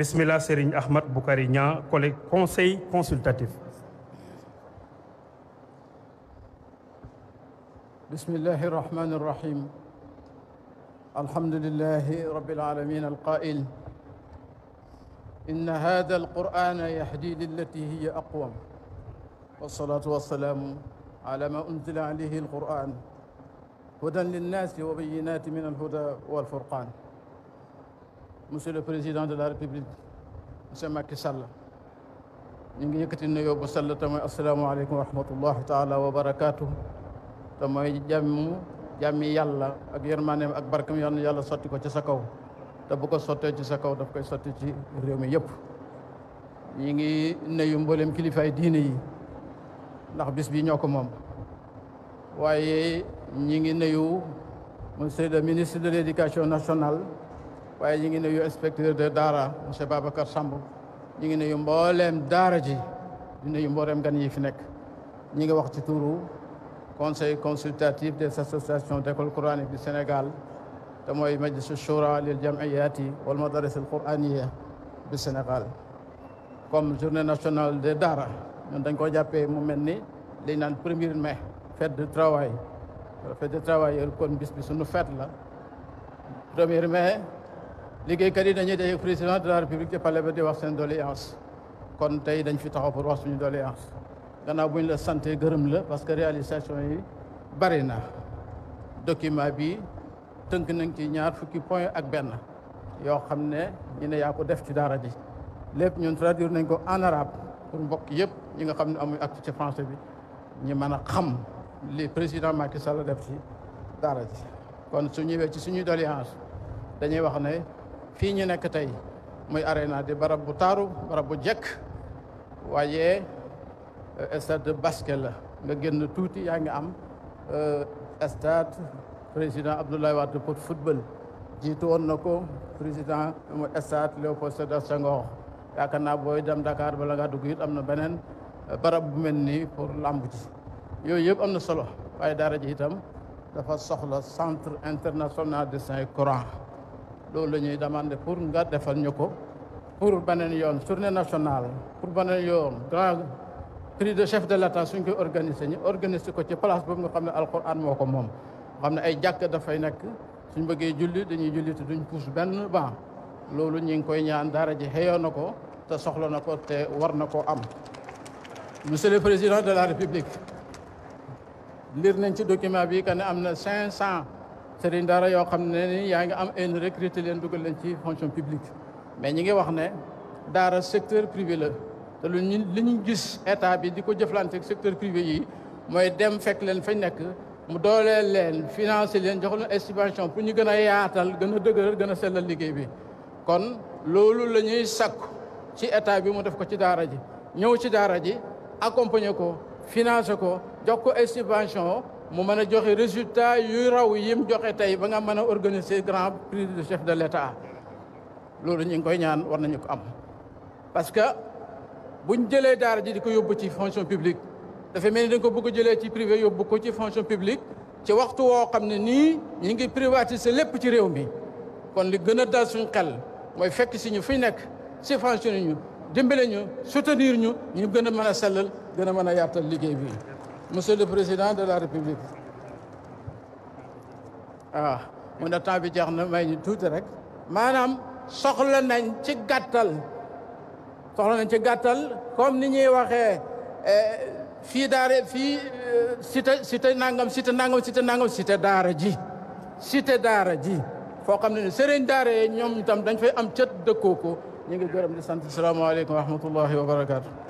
Bismillah Serigne Ahmad Boukari Niang, collègue conseil consultatif. بسم الله الرحمن الرحيم الحمد لله رب العالمين القائل إن هذا القرآن يهدي للتي هي أقوم والصلاة والسلام على ما أنزل عليه القرآن هدى للناس وبينات من الهدى والفرقان monsieur le président de la république monsieur Macky Sall ñu ngi yëkkati nuyoo bu sell te mooy asalaamaaleykum wa rahmatullahi taala wa barakaatu te mooy jàmm jàmmi yàlla ak yërmaaneem ak barkam yoon yàlla sotti ko ci sa kaw te bu ko sottee ci sa kaw daf koy sotti ci réew mi yëpp ñu ngi nuyu mboolem kilifaay diine yi ndax bis bi ñoo ko moom waaye ñi ngi nuyu monsieur le ministre de l' éducation nationale waaye ñu ngi nuyu inspecteur de daara monsieur Babacar Samb ñu ngi nuyu mbooleem daara ji di nuyu mbooleem gan yi fi nekk ñi ngi wax ci turu conseil consultatif des associations d'école coranique du Sénégal te mooy majlisu shura lil jamiyati wal madaris al quraniya du Sénégal comme journée nationale des daara ñun dañ ko jàppee mu mel ni liñ naan premier mai fête de travail fête du travail kon bis bi suñu fête la premier mai liggéeykat yi dañuy daje président de la république ci palais ba di wax seen doléance kon tey dañ fi taxaw pour wax suñu doléance gannaaw bu ñu la santé gërëm la parce que réalisation yi bari na document bi tënk nañ ci ñaar fukki point ak benn yoo xam ne ñu ne yaa ko def ci dara ji lépp ñun traduire nañ ko en arabe pour mbokk yëpp ñi nga xam ne amuñu ak ci français bi ñi mën a xam li président Macky Sall def ci dara ji kon su ñëwee ci suñu doléance dañuy wax ne fii ñu nekk tey muy arena di barab bu taaru barab bu jekk waaye euh, stade de basket la nga génn tuuti yaa ngi am euh, stade président Abdoulaye Wade pour football jiitu woon na ko président stade Léopold Sédar Senghor yaakaar naa booy dem Dakar bala ngaa dugg am na beneen euh, barab bu mel nii pour lamb ji yooyu yëpp am na solo waaye daara ji itam dafa soxla centre international de Saint-Coran loolu la ñuy demander pour nga defal ñu ko pour beneen yoon journée nationale pour beneen yoon grand prix de chef de l'État suñ koy organiser ñu organisé ko ci place boobu nga xam ne alquran moo ko moom xam ne ay jàkk dafay nekk suñ bëggee julli dañuy julli te duñ puus benn ban loolu ñu ngi koy ñaan daara ji xëyoo na ko te soxla na ko te war na koo am monsieur le président de la république lire nañ ci document bi que ne am na cinq cent sëriñ daara yoo xam ne ni yaa ngi am une recruter leen dugal leen ci fonction publique mais ñi ngi wax ne daara secteur privé la te lu ñu li ñu gis état bi di ko jëflante ak secteur privé yi mooy dem fekk leen fañ nekk mu dooleel leen financé leen jox leen estimation pour ñu gën a yaatal gën a dëgëral gën a sellal liggéey bi kon loolu la ñuy sakku ci état bi mu def ko ci daara ji ñëw ci daara ji accompagner ko financé ko jox ko estimation mu mën a joxe résultat yuy raw yim joxe tey ba nga mën a organiser grand prix du chef de l'État loolu ñu ngi koy ñaan war nañu ko am parce que ñu jëlee daara ji di ko yóbbu ci fonction publique dafa mel ni dañ ko bugg jëlee ci privé yóbbu ko ci fonction publique ci waxtu woo xam ne nii ñi ngi privatiser lépp ci réew mi kon li gën a dal suñ xel mooy fekk si ñu fi nekk subventionné ñu dimbale ñu soutenir ñu ñu gën a mën a sellal gën a mën a yaatal liggéey bi monsieur le président de la république waaw ah, mu ne temps bi jeex na may ñu tuuti rek maanaam soxla nañ ci gàttal soxla nañ ci gàttal comme ni ñuy waxee eh, fii daare fii eh, cité cité nangam cité nangam cité nangam cité daara ji site daara ji foo xam ne sëriñ daara yi ñoom itam dañ fay am cët dëkkoo ko ñu ngi gërëm di sant salaamaaleykum wa rahmatullahi wa barakaatu